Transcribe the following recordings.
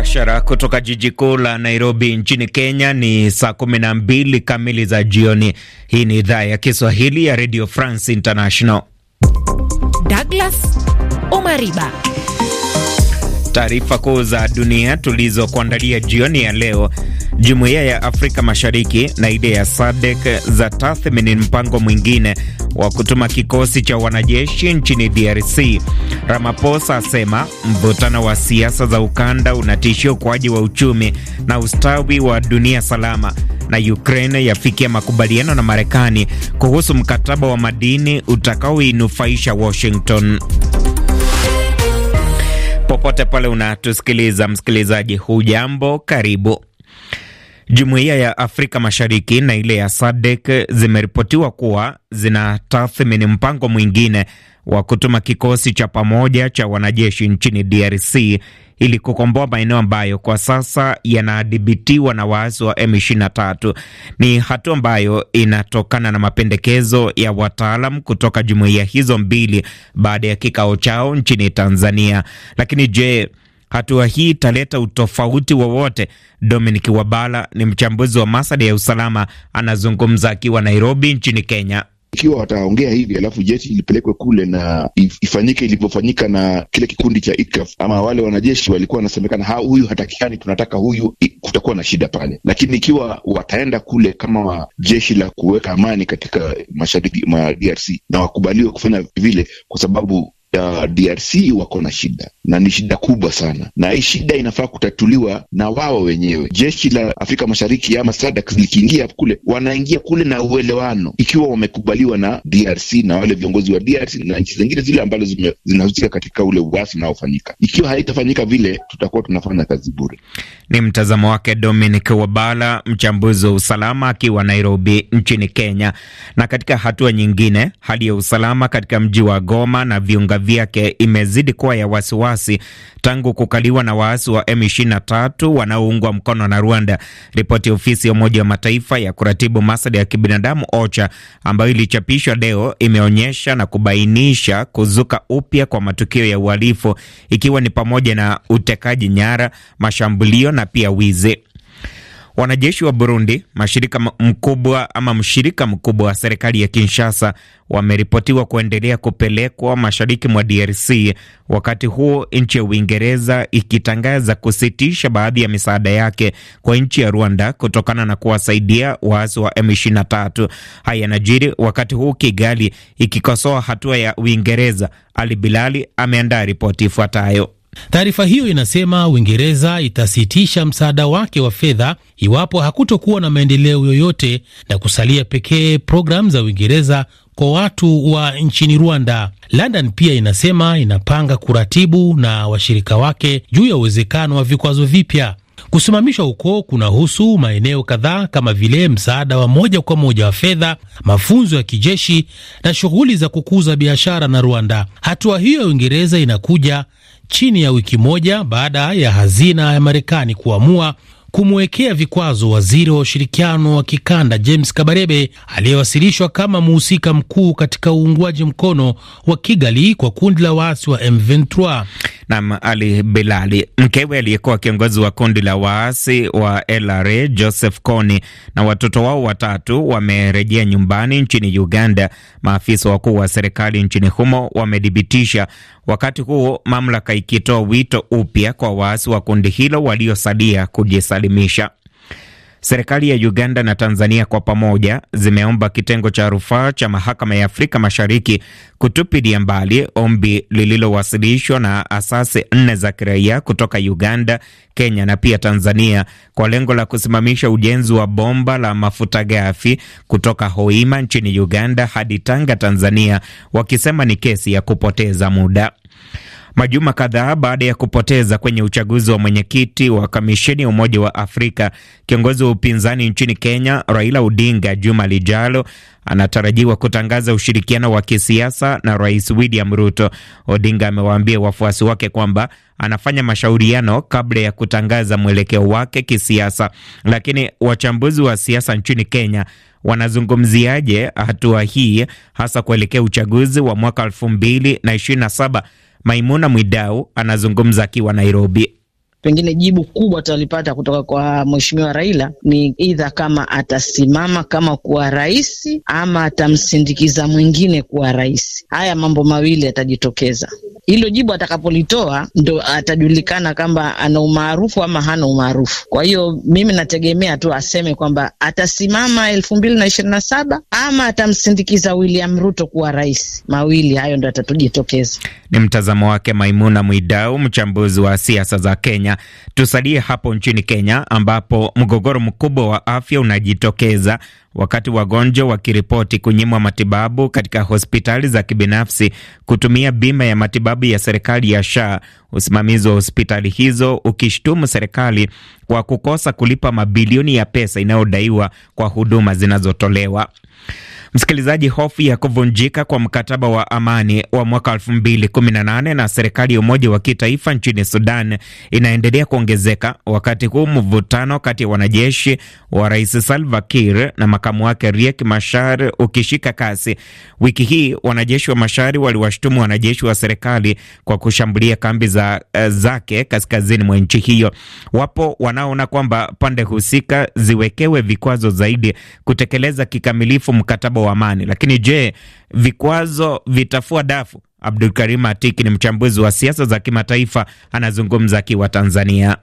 mubashara kutoka jiji kuu la Nairobi nchini Kenya. Ni saa 12 kamili za jioni. Hii ni idhaa ya Kiswahili ya Radio France International. Douglas Omariba Taarifa kuu za dunia tulizokuandalia jioni ya leo. Jumuiya ya Afrika Mashariki na ile ya SADC za tathmini mpango mwingine wa kutuma kikosi cha wanajeshi nchini DRC. Ramaphosa asema mvutano wa siasa za ukanda unatishia ukuaji wa uchumi na ustawi wa dunia salama. Na Ukraine yafikia makubaliano na Marekani kuhusu mkataba wa madini utakaoinufaisha Washington popote pale unatusikiliza msikilizaji, hujambo, karibu. Jumuiya ya Afrika Mashariki na ile ya SADC zimeripotiwa kuwa zinatathmini mpango mwingine wa kutuma kikosi cha pamoja cha wanajeshi nchini DRC ili kukomboa maeneo ambayo kwa sasa yanadhibitiwa na waasi wa M23. Ni hatua ambayo inatokana na mapendekezo ya wataalam kutoka jumuiya hizo mbili baada ya kikao chao nchini Tanzania. Lakini je, hatua hii italeta utofauti wowote? Dominic Wabala ni mchambuzi wa masada ya usalama, anazungumza akiwa Nairobi nchini Kenya ikiwa wataongea hivi alafu jeshi ilipelekwe kule na ifanyike ilivyofanyika na kile kikundi cha ICAF, ama wale wanajeshi walikuwa wanasemekana ha, huyu hatakikani, tunataka huyu, kutakuwa na shida pale. Lakini ikiwa wataenda kule kama jeshi la kuweka amani katika mashariki mwa DRC na wakubaliwe kufanya vile, kwa sababu ya DRC wako na shida na ni shida kubwa sana, na hii shida inafaa kutatuliwa na wao wenyewe. Jeshi la Afrika Mashariki ama SADC likiingia kule, wanaingia kule na uelewano, ikiwa wamekubaliwa na DRC na wale viongozi wa DRC na nchi zingine zile ambazo zinahusika katika ule uasi unaofanyika. Ikiwa haitafanyika vile, tutakuwa tunafanya kazi bure. Ni mtazamo wake Dominic Wabala, mchambuzi wa usalama akiwa Nairobi nchini Kenya. Na katika hatua nyingine, hali ya usalama katika mji wa Goma na viunga vyake imezidi kuwa ya wasiwasi tangu kukaliwa na waasi wa M23 wanaoungwa mkono na Rwanda. Ripoti ya ofisi ya Umoja wa Mataifa ya kuratibu masuala ya kibinadamu OCHA, ambayo ilichapishwa leo, imeonyesha na kubainisha kuzuka upya kwa matukio ya uhalifu, ikiwa ni pamoja na utekaji nyara, mashambulio na pia wizi. Wanajeshi wa Burundi, mashirika mkubwa ama mshirika mkubwa wa serikali ya Kinshasa, wameripotiwa kuendelea kupelekwa mashariki mwa DRC, wakati huo nchi ya Uingereza ikitangaza kusitisha baadhi ya misaada yake kwa nchi ya Rwanda kutokana na kuwasaidia waasi wa M23. Haya yanajiri wakati huu Kigali ikikosoa hatua ya Uingereza. Ali Bilali ameandaa ripoti ifuatayo. Taarifa hiyo inasema Uingereza itasitisha msaada wake wa fedha iwapo hakutokuwa na maendeleo yoyote na kusalia pekee programu za Uingereza kwa watu wa nchini Rwanda. London pia inasema inapanga kuratibu na washirika wake juu ya uwezekano wa vikwazo vipya. Kusimamishwa huko kunahusu maeneo kadhaa kama vile msaada wa moja kwa moja wa fedha, mafunzo ya kijeshi na shughuli za kukuza biashara na Rwanda. Hatua hiyo ya Uingereza inakuja chini ya wiki moja baada ya hazina ya Marekani kuamua kumwekea vikwazo waziri wa ushirikiano wa kikanda James Kabarebe aliyewasilishwa kama mhusika mkuu katika uungwaji mkono wa Kigali kwa kundi la waasi wa M23. Nam Ali Bilali, mkewe aliyekuwa kiongozi wa kundi la waasi wa LRA Joseph Kony na watoto wao watatu wamerejea nyumbani nchini Uganda, maafisa wakuu wa serikali nchini humo wamedhibitisha wakati huu mamlaka ikitoa wito upya kwa waasi wa kundi hilo waliosalia kujisalimisha. Serikali ya Uganda na Tanzania kwa pamoja zimeomba kitengo cha rufaa cha mahakama ya Afrika Mashariki kutupilia mbali ombi lililowasilishwa na asasi nne za kiraia kutoka Uganda, Kenya na pia Tanzania kwa lengo la kusimamisha ujenzi wa bomba la mafuta ghafi kutoka Hoima nchini Uganda hadi Tanga, Tanzania, wakisema ni kesi ya kupoteza muda. Majuma kadhaa baada ya kupoteza kwenye uchaguzi wa mwenyekiti wa kamisheni ya Umoja wa Afrika, kiongozi wa upinzani nchini Kenya Raila Odinga juma lijalo anatarajiwa kutangaza ushirikiano wa kisiasa na Rais William Ruto. Odinga amewaambia wafuasi wake kwamba anafanya mashauriano kabla ya kutangaza mwelekeo wake kisiasa. Lakini wachambuzi wa siasa nchini Kenya wanazungumziaje hatua hii, hasa kuelekea uchaguzi wa mwaka elfu mbili na ishirini na saba? Maimuna Mwidau anazungumza akiwa Nairobi. Pengine jibu kubwa tutalipata kutoka kwa mheshimiwa Raila ni idha kama atasimama kama kuwa rais ama atamsindikiza mwingine kuwa rais. Haya mambo mawili yatajitokeza hilo jibu atakapolitoa ndo atajulikana kama ana umaarufu ama hana umaarufu. Kwa hiyo mimi nategemea tu aseme kwamba atasimama elfu mbili na ishirini na saba ama atamsindikiza William Ruto kuwa rais. Mawili hayo ndo atatujitokeza. Ni mtazamo wake Maimuna Mwidau, mchambuzi wa siasa za Kenya. Tusalie hapo nchini Kenya ambapo mgogoro mkubwa wa afya unajitokeza wakati wagonjwa wakiripoti kunyimwa matibabu katika hospitali za kibinafsi kutumia bima ya matibabu ya serikali ya SHA, usimamizi wa hospitali hizo ukishtumu serikali kwa kukosa kulipa mabilioni ya pesa inayodaiwa kwa huduma zinazotolewa. Msikilizaji, hofu ya kuvunjika kwa mkataba wa amani wa mwaka 2018 na serikali ya umoja wa kitaifa nchini Sudan inaendelea kuongezeka wakati huu mvutano kati ya wanajeshi wa rais Salva Kiir na makamu wake Riek Machar ukishika kasi. Wiki hii wanajeshi wa Machar waliwashutumu wanajeshi wa serikali kwa kushambulia kambi za, eh, zake kaskazini mwa nchi hiyo. Wapo wanaoona kwamba pande husika ziwekewe vikwazo zaidi kutekeleza kikamilifu mkataba mpango wa amani. Lakini je, vikwazo vitafua dafu? Abdulkarim Atiki ni mchambuzi wa siasa za kimataifa, anazungumza akiwa Tanzania.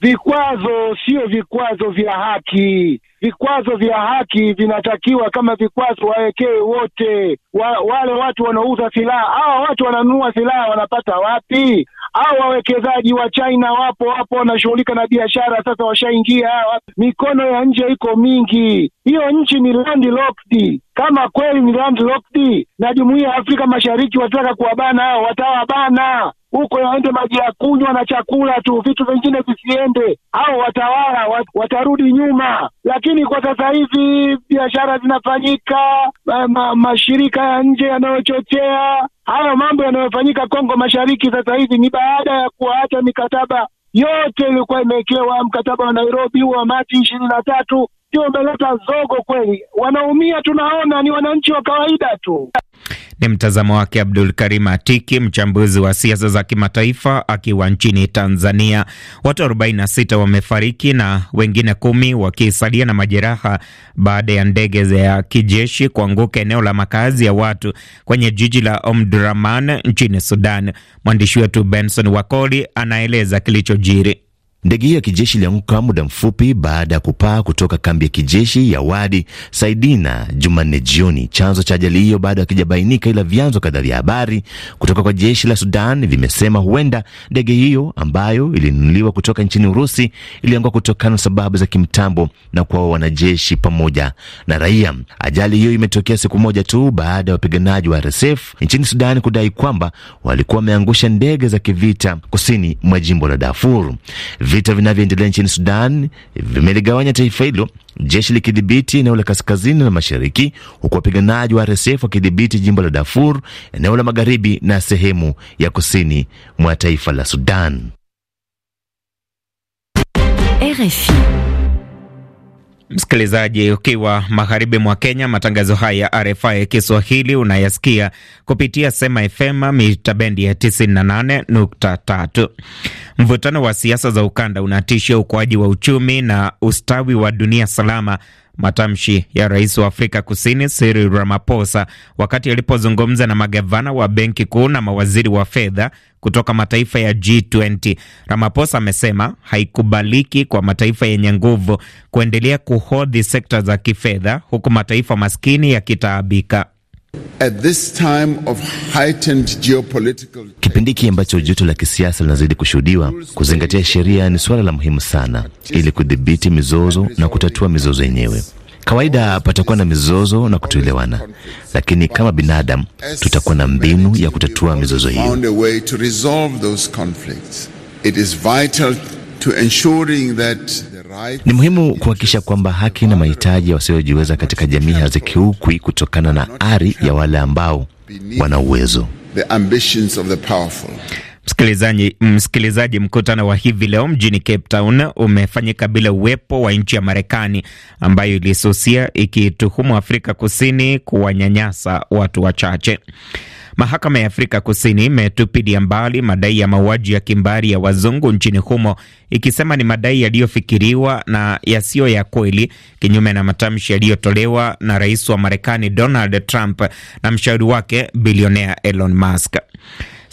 Vikwazo sio vikwazo vya haki. Vikwazo vya haki vinatakiwa kama vikwazo wawekee wote wa, wale watu wanaouza silaha. Hawa watu wananunua silaha wanapata wapi? au wawekezaji wa China wapo wapo wanashughulika na biashara, sasa washaingia. Mikono ya nje iko mingi, hiyo nchi ni landlocked. Kama kweli ni landlocked na jumuiya ya Afrika Mashariki wataka kuwabana hao, watawabana huko yaende maji ya kunywa na chakula tu, vitu vingine visiende. Hao watawala wat, watarudi nyuma. Lakini kwa sasa hivi biashara zinafanyika, mashirika ma, mashirika ya nje yanayochochea hayo mambo yanayofanyika Kongo Mashariki sasa hivi ni baada ya kuwaacha mikataba yote ilikuwa imewekewa mkataba wa Nairobi huo wa Machi ishirini na tatu ndio umeleta zogo kweli. Wanaumia tunaona ni wananchi wa kawaida tu. Ni mtazamo wake Abdul Karim Atiki, mchambuzi wa siasa za kimataifa akiwa nchini Tanzania. Watu 46 wamefariki na wengine kumi wakisalia na majeraha baada ya ndege ya kijeshi kuanguka eneo la makazi ya watu kwenye jiji la Omdurman nchini Sudan. Mwandishi wetu Benson Wakoli anaeleza kilichojiri. Ndege hiyo ya kijeshi ilianguka muda mfupi baada ya kupaa kutoka kambi ya kijeshi ya Wadi Saidina Jumanne jioni. Chanzo cha ajali hiyo bado hakijabainika, ila vyanzo kadhaa vya habari kutoka kwa jeshi la Sudan vimesema huenda ndege hiyo ambayo ilinunuliwa kutoka nchini Urusi ilianguka kutokana na sababu za kimtambo na kwa wanajeshi pamoja na raia. Ajali hiyo imetokea siku moja tu baada ya wapiganaji wa RSF nchini sudani kudai kwamba walikuwa wameangusha ndege za kivita kusini mwa jimbo la Darfur. Vita vinavyoendelea nchini Sudan vimeligawanya taifa hilo, jeshi likidhibiti eneo la kaskazini na mashariki, huku wapiganaji wa RSF wakidhibiti jimbo la Darfur, eneo la magharibi na sehemu ya kusini mwa taifa la Sudan. RFI. Msikilizaji, ukiwa magharibi mwa Kenya, matangazo haya ya RFI Kiswahili unayasikia kupitia Sema FM mita bendi ya 98.3. Mvutano wa siasa za ukanda unatishia ukuaji wa uchumi na ustawi wa dunia salama Matamshi ya rais wa Afrika Kusini Cyril Ramaphosa wakati alipozungumza na magavana wa benki kuu na mawaziri wa fedha kutoka mataifa ya G20. Ramaphosa amesema haikubaliki kwa mataifa yenye nguvu kuendelea kuhodhi sekta za kifedha huku mataifa maskini yakitaabika. Kipindi hiki ambacho joto la kisiasa linazidi kushuhudiwa, kuzingatia sheria ni suala la muhimu sana, ili kudhibiti mizozo na kutatua mizozo yenyewe. Kawaida patakuwa na mizozo na kutoelewana, lakini kama binadamu tutakuwa na mbinu ya kutatua mizozo hiyo. Ni muhimu kuhakikisha kwamba haki na mahitaji ya wasiojiweza katika jamii hazikiukwi kutokana na ari ya wale ambao wana uwezo. Msikilizaji, msikilizaji, mkutano wa hivi leo mjini Cape Town umefanyika bila uwepo wa nchi ya Marekani ambayo ilisusia ikituhumu Afrika Kusini kuwanyanyasa watu wachache. Mahakama ya Afrika Kusini imetupidia mbali madai ya mauaji ya kimbari ya wazungu nchini humo, ikisema ni madai yaliyofikiriwa na yasiyo ya kweli, kinyume na matamshi yaliyotolewa na rais wa Marekani Donald Trump na mshauri wake bilionea Elon Musk.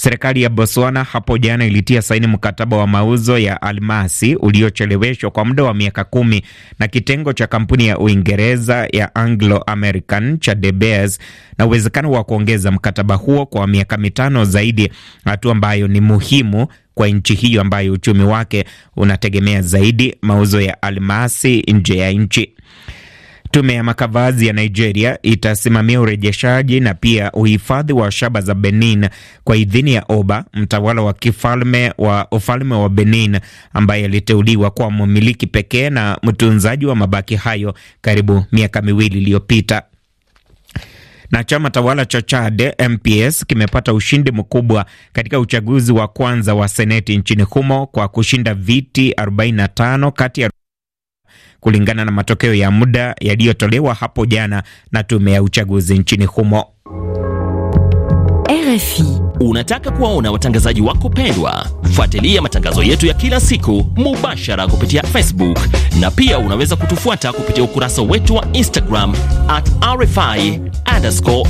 Serikali ya Botswana hapo jana ilitia saini mkataba wa mauzo ya almasi uliocheleweshwa kwa muda wa miaka kumi na kitengo cha kampuni ya Uingereza ya Anglo American cha De Beers na uwezekano wa kuongeza mkataba huo kwa miaka mitano zaidi, hatua ambayo ni muhimu kwa nchi hiyo ambayo uchumi wake unategemea zaidi mauzo ya almasi nje ya nchi. Tume ya makavazi ya Nigeria itasimamia urejeshaji na pia uhifadhi wa shaba za Benin kwa idhini ya Oba, mtawala wa kifalme wa ufalme wa Benin, ambaye aliteuliwa kuwa mmiliki pekee na mtunzaji wa mabaki hayo karibu miaka miwili iliyopita na chama tawala cha Chad MPS kimepata ushindi mkubwa katika uchaguzi wa kwanza wa seneti nchini humo kwa kushinda viti 45 kati ya kulingana na matokeo ya muda yaliyotolewa hapo jana na tume ya uchaguzi nchini humo. RFI. Unataka kuwaona watangazaji wako pendwa? Fuatilia matangazo yetu ya kila siku mubashara kupitia Facebook na pia unaweza kutufuata kupitia ukurasa wetu wa Instagram at sw.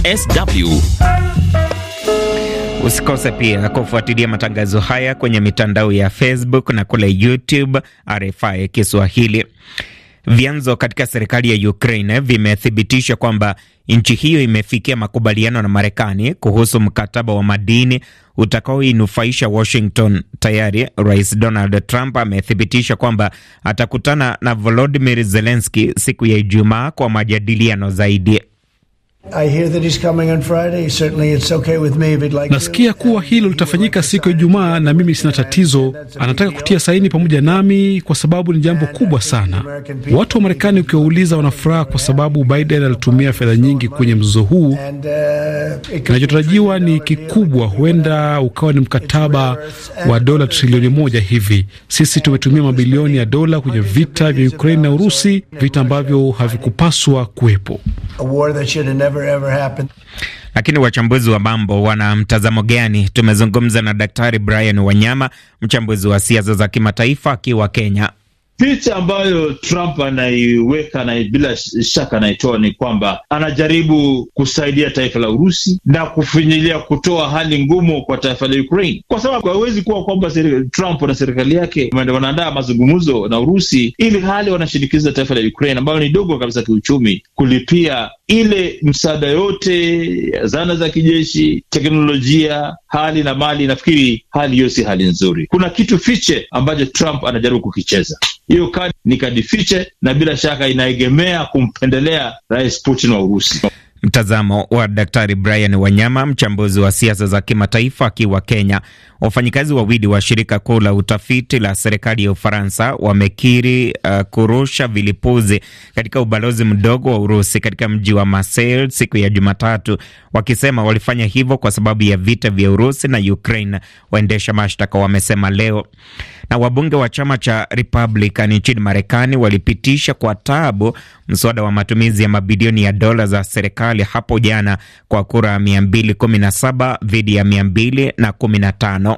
Usikose pia kufuatilia matangazo haya kwenye mitandao ya Facebook na kule YouTube RFI Kiswahili. Vyanzo katika serikali ya Ukraine vimethibitisha kwamba nchi hiyo imefikia makubaliano na Marekani kuhusu mkataba wa madini utakaoinufaisha Washington. Tayari Rais Donald Trump amethibitisha kwamba atakutana na volodimir zelenski siku ya Ijumaa kwa majadiliano zaidi. Nasikia kuwa hilo litafanyika siku ya Ijumaa na mimi sina tatizo. Anataka kutia saini pamoja nami kwa sababu ni jambo kubwa sana. Watu wa Marekani ukiwauliza, wanafuraha kwa sababu Biden alitumia fedha nyingi kwenye mzozo huu. Uh, Kinachotarajiwa ni kikubwa, huenda ukawa ni mkataba wa dola trilioni moja hivi. Sisi tumetumia mabilioni ya dola kwenye vita vya Ukraini na Urusi, vita ambavyo havikupaswa kuwepo never ever happen. Lakini wachambuzi wa mambo wana mtazamo gani? Tumezungumza na Daktari Brian Wanyama, mchambuzi wa siasa za kimataifa akiwa Kenya. Picha ambayo Trump anaiweka na bila shaka anaitoa ni kwamba anajaribu kusaidia taifa la Urusi na kufinyilia, kutoa hali ngumu kwa taifa la Ukraine, kwa sababu hawezi kuwa kwamba Trump na serikali yake wanaandaa mazungumzo na Urusi ili hali wanashinikiza taifa la Ukraine ambayo ni dogo kabisa kiuchumi kulipia ile msaada yote, zana za kijeshi, teknolojia, hali na mali. Nafikiri hali hiyo si hali nzuri. Kuna kitu fiche ambacho Trump anajaribu kukicheza. Hiyo kadi ni kadi fiche, na bila shaka inaegemea kumpendelea Rais Putin wa Urusi. Mtazamo wa Daktari Brian Wanyama, mchambuzi wa siasa za kimataifa akiwa Kenya. Wafanyikazi wawili wa shirika kuu la utafiti la serikali ya Ufaransa wamekiri uh, kurusha vilipuzi katika ubalozi mdogo wa Urusi katika mji wa Marseille siku ya Jumatatu, wakisema walifanya hivyo kwa sababu ya vita vya Urusi na Ukraine. Waendesha mashtaka wamesema leo na wabunge wa chama cha Republican nchini Marekani walipitisha kwa taabu mswada wa matumizi ya mabilioni ya dola za serikali hapo jana kwa kura 217 dhidi ya 215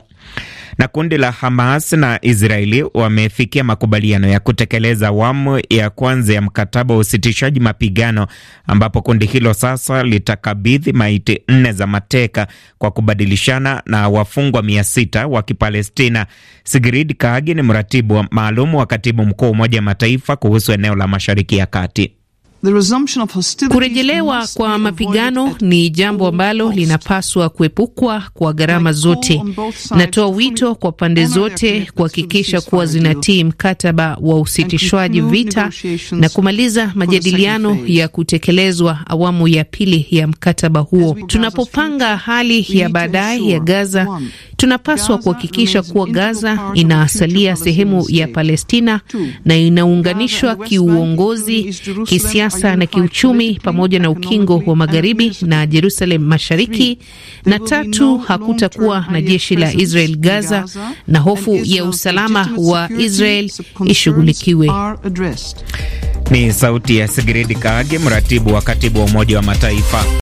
na kundi la Hamas na Israeli wamefikia makubaliano ya kutekeleza awamu ya kwanza ya mkataba wa usitishaji mapigano, ambapo kundi hilo sasa litakabidhi maiti nne za mateka kwa kubadilishana na wafungwa mia sita wa Kipalestina. Sigrid Kaagi ni mratibu maalum wa katibu mkuu wa Umoja wa Mataifa kuhusu eneo la Mashariki ya Kati. Kurejelewa kwa mapigano ni jambo ambalo linapaswa kuepukwa kwa gharama zote. Natoa wito kwa pande zote kuhakikisha kuwa zinatii mkataba wa usitishwaji vita na kumaliza majadiliano ya kutekelezwa awamu ya pili ya mkataba huo. Tunapopanga hali ya baadaye ya Gaza Tunapaswa kuhakikisha kuwa Gaza inaasalia sehemu ya Palestina na inaunganishwa kiuongozi, kisiasa na kiuchumi pamoja na ukingo wa magharibi na Jerusalem mashariki. Na tatu, hakutakuwa na jeshi la Israel Gaza, na hofu ya usalama wa Israel ishughulikiwe. Ni sauti ya Sigrid Kaage, mratibu wa katibu wa Umoja wa Mataifa.